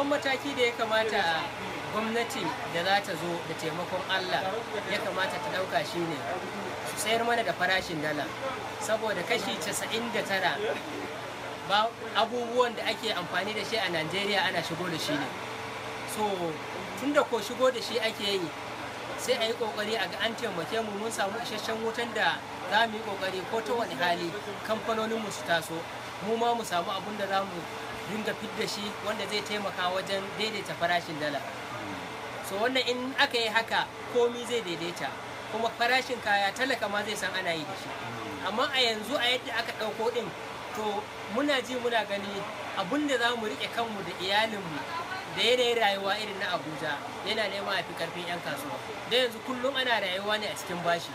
babban mataki da ya kamata gwamnati da za ta zo da taimakon Allah ya kamata ta ɗauka shi ne su sayar mana da farashin dala saboda kashi 99 ba abubuwan da ake amfani da shi a Najeriya ana shigo da shi ne so tunda ko shigo da shi ake yi sai a yi kokari a ga an taimake mu mun samu isasshen wutan da za mu yi kokari ko ta wani hali kamfanonin mu su taso mu ma mu samu abun da za mu dinga fidda shi wanda zai taimaka wajen daidaita farashin dala so wannan in aka yi haka komi zai daidaita kuma farashin kaya talaka ma zai san ana yi da shi amma a yanzu a yadda aka ɗauko ɗin to muna ji muna gani abun da za mu riƙe kanmu da iyalinmu da yanayin rayuwa irin na abuja yana nema a fi karfin 'yan kasuwa da yanzu kullum ana rayuwa ne a cikin bashi